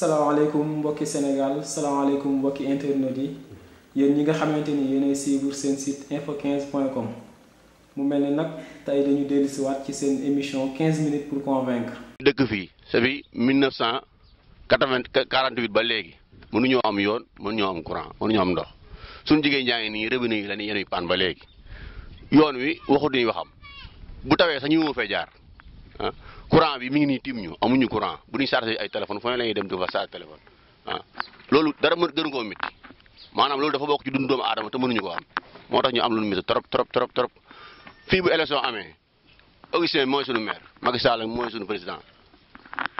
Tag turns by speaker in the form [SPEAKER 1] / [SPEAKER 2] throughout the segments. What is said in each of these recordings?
[SPEAKER 1] salaamaaleykum mbokki Sénégal salaamaaleykum mbokki internet yi yéen ñi nga xamante ni yéenay suivre seen site info 15 point com mu mel ni nag tey dañu dellusiwaat ci seen émission 15 minutes pour convaincre.
[SPEAKER 2] dëkk fii sa fi 1948 ba léegi mënuñoo am yoon mënuñoo am courant mënuñoo am ndox suñu jigéen ñaa ngi nii robinet yi la ñuy yéenuy paan ba léegi yoon wi waxu duñu waxam bu tawee sax ñu ngi fee jaar ah. courant bi mi ngi nii tim ñu amuñu courant bu ñuy chargé ay téléphone dem di fa chargé téléphone ah loolu dara mën gënu koo métti maanaam loolu dafa bokk ci dund doomu aadama te mënuñu ko am moo tax ñu am lu métti trop trop trop trop fii bu élection amee Augustin mooy sunu maire Macky Sall mooy sunu président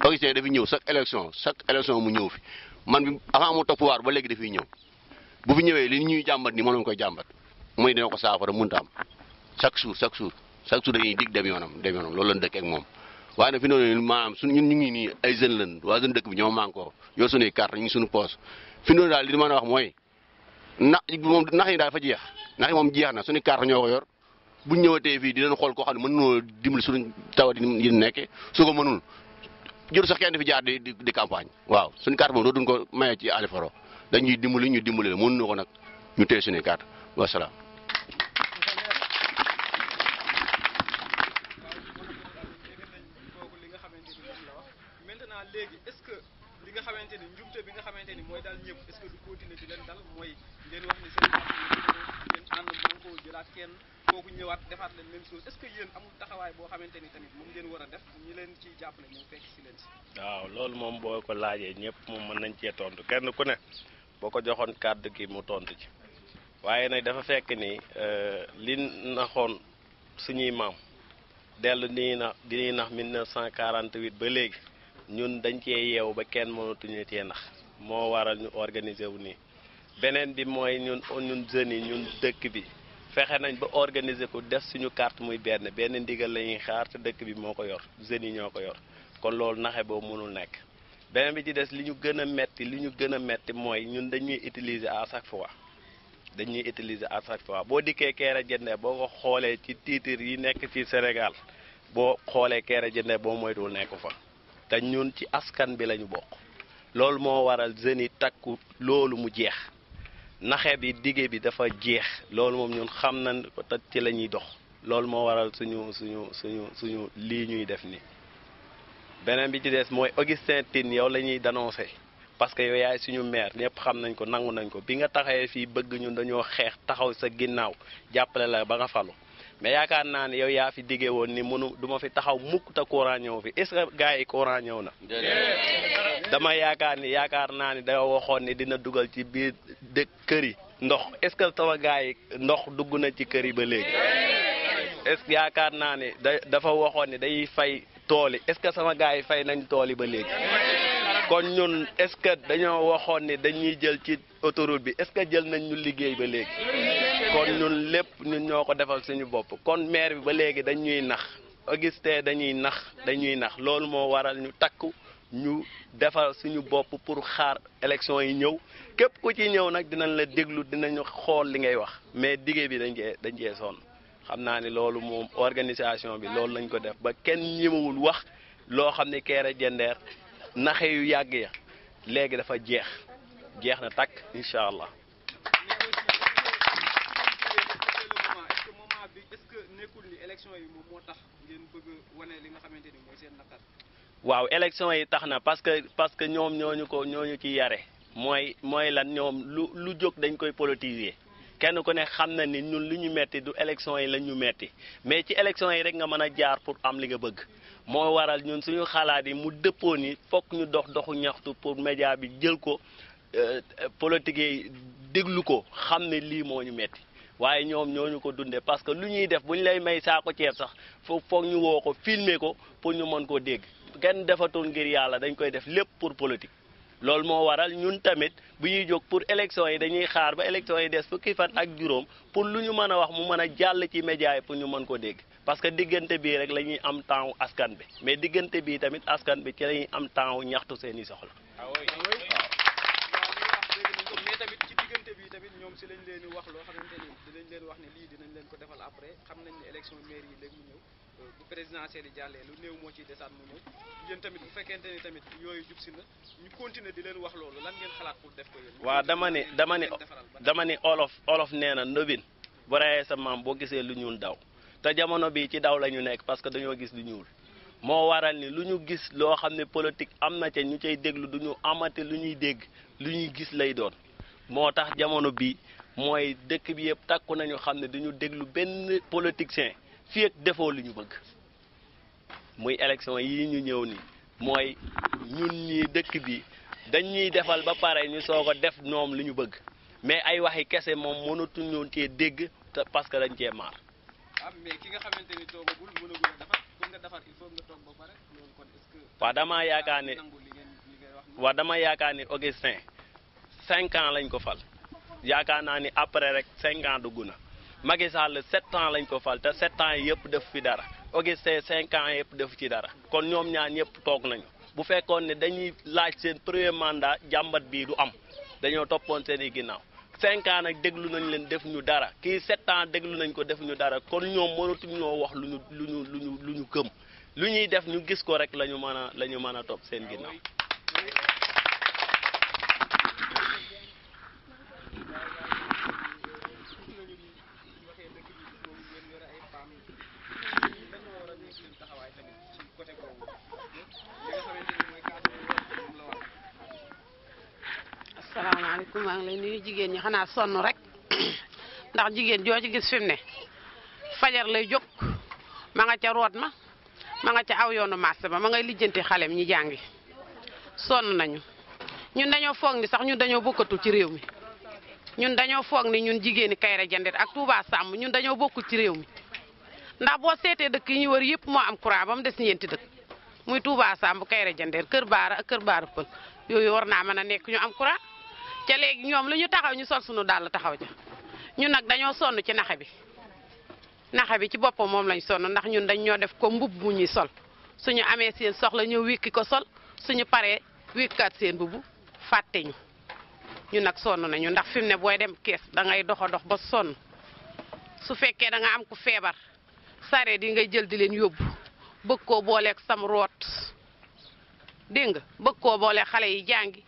[SPEAKER 2] Augustin dafi ñëw chaque élection chaque élection mu ñëw fi man bi avant mu topp pouvoir ba léegi dafiy ñëw bu fi ñëwee li ñuy jàmbat ni moom koy jàmbat muy dina ko saafara mënta am chaque jour chaque jour chaque jour dañuy dig dem yoonam dem yoonam loolu lañ dëkk ak moom waaye na fi noonu ne maanaam suñ ñun ñu ngi nii ay jeunes lañ waa suñu dëkk bi ñoo manko yor suñuy carte ñu ngi suñu poos fi noonu daal li man a wax mooy na moom nax yi daal fa jeex nax moom jeex na suñu carte ñoo ko yor buñ ñëwatee fii di leen xool koo xam ne mënunoo dimbali suñu tawat yi nekke su ko mënul jur sax kenn di fi jaar di di campagne waaw suñu carte moom dootuñ ko maye ci Aliou Faro dañuy dimbali ñu dimbali la mënuñu ko nag ñu téye suñuy carte wasalaam
[SPEAKER 1] moom boo ko laajee ñëpp moom mën nañ cee tontu kenn ku ne boo ko joxoon kàddu gi mu tontu ci waaye nag dafa fekk ni euh, li naxoon suñuy maam dellu di na di ñuy nax 1948 ba léegi ñun dañ cee yeewu ba kenn mënatuñu cee nax moo waral ñu organiser wu nii beneen bi mooy ñun ñun jeunes yi ñun dëkk bi fexe nañ ba organiser ko def suñu carte muy benn benn ndigal la ñuy xaar te dëkk bi moo ko yor jeunes yi ñoo ko yor kon loolu naxe boobu mënul nekk beneen bi ci des li ñu gën a metti li ñu gën a metti mooy ñun dañuy utiliser à chaque fois dañuy utiliser à chaque fois boo dikkee Kéré Diéndé boo ko xoolee ci titre yi nekk ci Sénégal boo xoolee Kéré Diéndé boo moytuwul nekk fa te ñun ci askan bi lañu bokk loolu moo waral jeunes yi takku loolu mu jeex naxe bi dige bi dafa jeex loolu moom ñun xam na ko te ci la ñuy dox loolu moo waral suñu suñu suñu suñu lii ñuy def nii beneen bi ci des mooy Augustin tin yow la ñuy dénoncé parce que yow yaay suñu maire ñëpp xam nañ ko nangu nañ ko bi nga taxawee fii bëgg ñu dañoo xeex taxaw sa ginnaaw jàppale la ba nga falu mais yaakaar naa ne yow yaa fi diggee woon ni mënu du fi taxaw mukk te courant ñëw fi est yi courant ñëw na yaakaar ni yaakaar naa ni da waxoon ni dina dugal ci biir dëkk kër yi ndox est-ce que sama gars yi ndox dugg na ci kër yi ba léegi est yaakaar naa ne dafa waxoon ni dañuy fay tool yi est-ce que sama gars yi fay nañ tool yi ba léegi kon ñun est-ce que dañoo waxoon ni dañuy jël ci autoroute bi est-ce que jël nañ ñu liggéey ba léegi kon ñun lépp ñun ñoo ko defal suñu bopp kon maire bi ba léegi dañuy nax Augustin dañuy nax dañuy nax loolu moo waral ñu takku ñu defal suñu bopp pour xaar élection yi ñëw képp ku ci ñëw nag dinañ la déglu dinañu xool li ngay wax mais diggé bi dañ cee dañ cee sonn xam naa ni loolu moom organisation bi loolu lañ ko def ba kenn ñemewul wax loo xam ne Kéré Diender naxe yu yàgg ya léegi dafa jeex jeex na takk incha allah. waaw élection yi tax na parce que parce que ñoom ñooñu ko ñu ci yare mooy mooy lan ñoom lu lu jóg dañ koy politiser. kenn ku ne xam na ni ñun li ñu metti du élection yi la ñu metti mais ci élection yi rek nga mën a jaar pour am li nga bëgg moo waral ñun suñu xalaat yi mu dëppoon ni fokk ñu dox doxu ñaxtu pour média bi jël ko euh, politique yi déglu ko xam ne lii moo ñu metti waaye ñoom ñu ko dundee parce que lu ñuy def bu ñu lay may saako ceeb sax foog foog ñu woo ko filmer ko pour ñu mën koo dégg kenn defatul ngir yàlla dañ koy def lépp pour politique loolu moo waral ñun tamit bu ñuy jóg pour élection yi dañuy xaar ba élection yi des fukki fan ak juróom pour lu ñu mën a wax mu mën a jàll ci média yi pour ñu mën ko dégg parce que diggante bii rek lañuy am temps askan bi mais diggante bii tamit askan bi ci lañuy am temps ñaxtu seen i soxla. waaw ah ah ah mais tamit wax loo xamante ni wax leen ko defal après xam nañ ne élection maire yi léegi mu ñëw euh, bu présidentielle yi jàllee lu néew moo ciy desaat mu ñëw yéen tamit bu fekkente ni tamit yooyu jub si na ñu continuer di leen wax loolu lan ngeen xalaat pour def ko yéen waaw dama ne dama ne dama ne olof olof nee na ndobin bu rayee sa maam boo gisee lu ñuul daw te jamono bi ci daw la ñu nekk parce que dañoo gis lu ñuul moo waral ni lu ñu gis loo xam ne politique am na ca ñu cay déglu du ñu amate lu ñuy dégg lu ñuy gis lay doon moo tax jamono bi mooy dëkk bi yëpp takku nañu xam ne duñu déglu benn politicien fii ak defoo li ñu bëgg muy élection yi ñu ñëw ni mooy ñun ñi dëkk bi dañ ñuy defal ba pare ñu soog a def noom lu ñu bëgg mais ay waxi kese moom mënatuñu ci dégg te parce que dañ cee maar. Ah, mais ki nga ni toogagul yaakaar ne ah, dama yaakaar ni Augustin cinq ans lañ ko fal. yaakaar naa ni après rek cinq dugg na Macky Sall sept ans lañ ko fal te sept ans yëpp def fi dara Augustin cinquant ans yëpp def ci dara kon ñoom ñaar ñëpp toog nañu bu fekkoon ne dañuy laaj seen premier mandat jàmbat bii du am dañoo toppoon seen i ginnaaw cinq déglu nañ leen def ñu dara kii sept déglu nañ ko def ñu dara kon ñoom mënatuñ ñoo wax lu ñu lu ñu lu ñu lu ñu lu ñuy def ñu gis ko rek la ñu mën a la ñu mën a topp seen ginnaaw
[SPEAKER 3] maa ngi jigéen ñi xanaa sonn rek ndax jigéen joo ci gis fi ne fajar lay jóg ma nga ca root ma ma nga ca aw yoonu marché ba ma ngay lijjanti xalem ñi jàngi sonn nañu ñun dañoo foog ni sax ñun dañoo bokkatul ci réew mi ñun dañoo foog ni ñun jigéeni Kaïré Jandeer ak Touba Samb ñun dañoo bokkul ci réew mi ndax boo seetee dëkk yi ñu wër yëpp moo am courant ba mu des ñeenti dëkk muy Touba Samb Kaïré Jandeer Kër Baara ak Kër Baara Pël yooyu war naa mën nekk ñu am courant ca léegi ñoom lu ñu taxaw ñu sol sunu dàll taxaw ca ñun nag dañoo sonn ci naxe bi naxe bi ci boppam moom lañ sonn ndax ñun dañ ñoo def ko mbubb mu ñuy sol suñu amee seen soxla ñëw wikki ko sol suñu paree wikkaat seen bubu fàtte ñu ñu nag sonn nañu ndax fim ne booy dem kees da ngay dox a dox ba sonn su fekkee da nga am ku feebar sareet yi ngay jël di leen yóbbu bëgg koo booleeg sam root dégg nga bëgg koo boole xale yi jàngi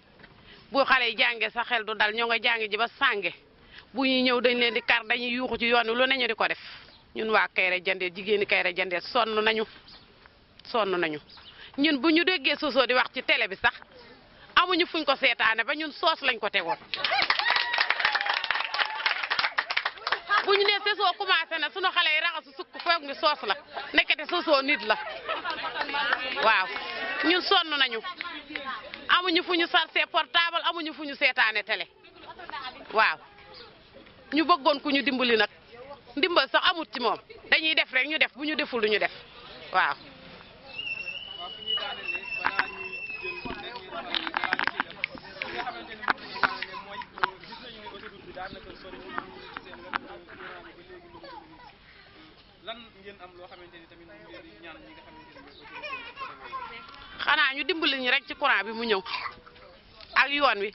[SPEAKER 3] bu xale yi jàngee sa xel du dal ñoo nga jàngi ji ba sànge bu ñuy ñëw dañ leen di kar dañuy yuuxu ci yoon wi lu ñu di ko def ñun waa Kairé Diender jigéeni Kairé Diender sonn nañu sonn nañu ñun bu ñu déggee soosoo di wax ci télé bi sax amuñu fuñ ko seetaane ba ñun soos lañ ko tegoon bu ñu nee sesoo commencé na sunu xale yi raxasu sukk foog mi soos la nekkete soosoo nit la waaw ñun sonn nañu amuñu fu ñu sarse portable amuñu fu ñu seetaane tele waaw ñu bëggoon ku ñu dimbali nag ndimbal sax amut ci moom dañuy def rek ñu def bu ñu deful lu ñu def waaw lan am loo xamante ni xanaa ñu dimbali ñu rek ci courant bi mu ñëw ak yoon wi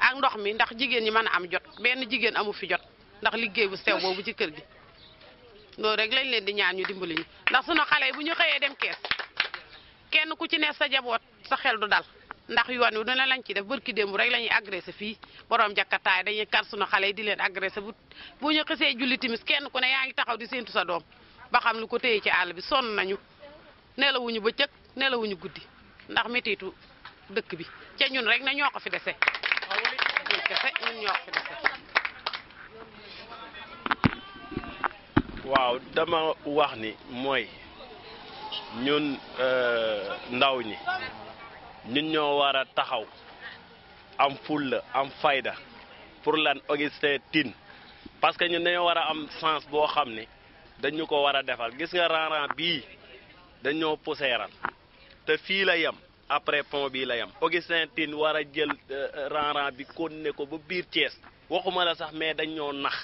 [SPEAKER 3] ak ndox mi ndax jigéen ñi mën a am jot benn jigéen amu fi jot ndax liggéey bu sew boobu ci kër gi loolu rek lañ leen di ñaan ñu dimbali ñu ndax sunu xale yi bu ñu xëyee dem kees kenn ku ci ne sa jaboot sa xel du dal ndax yoon wi dina lañ ci def barki démb rek la ñuy agressé fii borom jakkataay dañuy kar sunu xale yi di leen agressé bu bu ñu xisee julli timis kenn ku ne yaa ngi taxaw di séentu sa doom ba xam lu ko téye ci àll bi sonn nañu nelawuñu bëccëg nelawuñu guddi ndax métitu dëkk bi ca ñun rek na ñoo ko fi dese
[SPEAKER 1] waaw dama wax ni mooy ñun euh, ndaw ñi ñun ñoo war a taxaw am fulla am fayda pour lan Augustin Tine parce que ñun dañoo war a am sens boo xam ni dañ ko war a defal gis nga rang bii dañoo pousseeral te fii la yem après pont bii la yem Augustin Tine war a jël euh, rang-rang bi continuer ko ba biir Thiès waxuma la sax mais dañ nax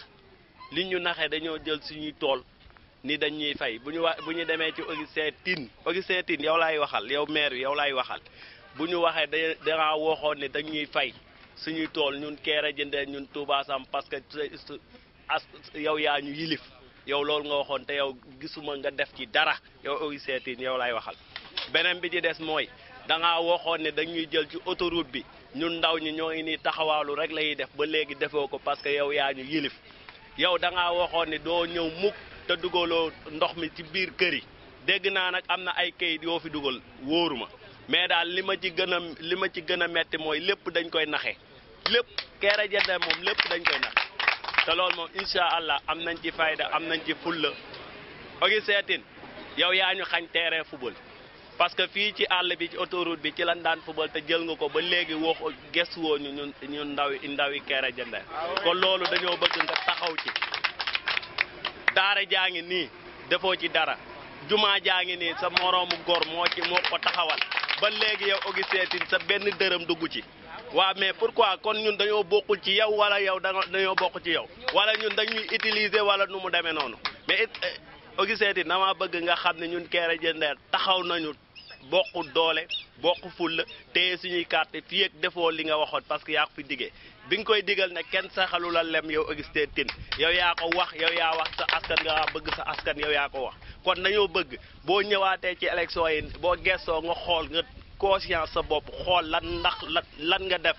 [SPEAKER 1] li ñu naxee dañoo jël suñuy tool ni dañ ñuy fay bu ñu wax bu ñu demee ci Augustin ogi Augustin Tine yow laay waxal yow maire bi yow laay waxal bu ñu waxee da dangaa waxoon ne dañ ñuy fay suñuy tool ñun keer a jëndee ñun Touba Sam parce que as yow yaa ñu yilif yow loolu nga waxoon te yow gisuma nga def ci dara yow Augustin Tine yow lay waxal beneen bi ci des mooy da ngaa waxoon ne dañuy jël ci autoroute bi ñun ndaw ñi ñoo ngi nii taxawaalu rek la def ba léegi defoo ko parce que yow yaa ñu yilif yow da waxoon ne doo ñëw mukk te dugaloo ndox mi ci biir kër yi dégg naa nag am na ay kayit yoo fi dugal wóoru ma mais daal li ma ci gën a li ma ci gën a metti mooy lépp dañ koy naxe lépp keere jëndee moom lépp dañ koy naxe te loolu moom incha allah am nañ ci fayda am nañ ci fulla ogi seetin yow yaa ñu xañ terrain football parce que fii ci àll bi ci autoroute bi ci lan daan football te jël nga ko ba léegi wax gëstu woo ñu ñun ñun ndaw yi ndaw yi loolu dañoo bëgg nga taxaw ci daara jaa ngi nii defoo ci dara jumaa jaa ngi nii sa moroomu góor moo ci moo ko taxawal ba léegi yow ogi seetin sa benn dërëm dugg ci waaw mais pourquoi kon ñun dañoo bokkul ci yow wala yow dañoo bokk ci yow wala ñun dañuy utiliser wala nu mu demee noonu mais it eh, gisee dama bëgg nga xam ne ñun kere Diender taxaw nañu bokk doole bokk fulla te suñuy carte fii ak defoo li nga waxoon parce que yaa ko fi diggee bi nga koy digal ne kenn saxalu la lem yow Augustin Tine yow yaa ko wax yow yaa wax sa askan nga bëgg sa askan yow yaa ko wax kon dañoo bëgg boo ñëwaatee ci élection yi boo gestoo nga xool nga conscience sa bopp xool lan ndax lan lan nga def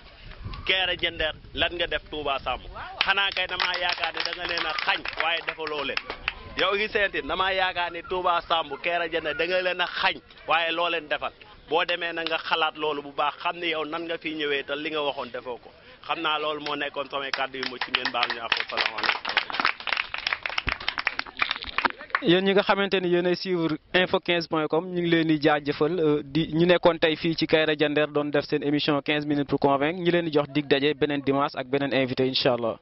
[SPEAKER 1] Kéré jëndeer lan nga def Touba Samb xanaa kay damaa yaakaar ne da nga leen a xañ waaye defaloo leen yow gi seenti damaa yaakaar ne Touba Samb keere Diender danga nga leen a xañ waaye loo leen defal boo demee na nga xalaat loolu bu baax xam ne yow nan nga fi ñëwee tal li nga waxoon defoo ko xam naa loolu moo nekkoon samay kàddu yu ci ngeen baal ñu àq salaamaaleykum yéen ñi nga xamante ni yéen ay suivre info 15 point com ñu ngi leen di jaajëfal euh, di ñu nekkoon tey fii ci Kaïré Diander doon def seen émission 15 minutes pour convaincre ñu leen di jox dig daje beneen dimanche ak beneen invité incha allah.